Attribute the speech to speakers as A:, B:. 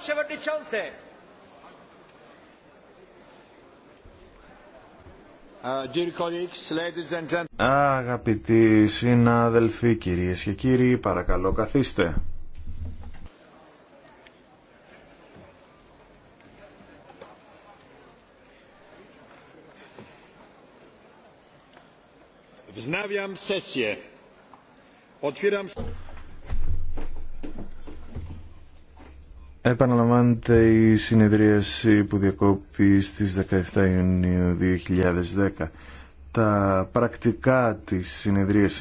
A: Przewodniczący!
B: Uh,
C: ah, αγαπητοί συναδελφοί, κυρίες και κύριοι, παρακαλώ καθίστε.
D: Wznawiam sesję. Otwieram
C: Επαναλαμβάνεται η συνεδρίαση που διακόπη στις 17 Ιουνίου 2010. Τα πρακτικά της
E: συνεδρίας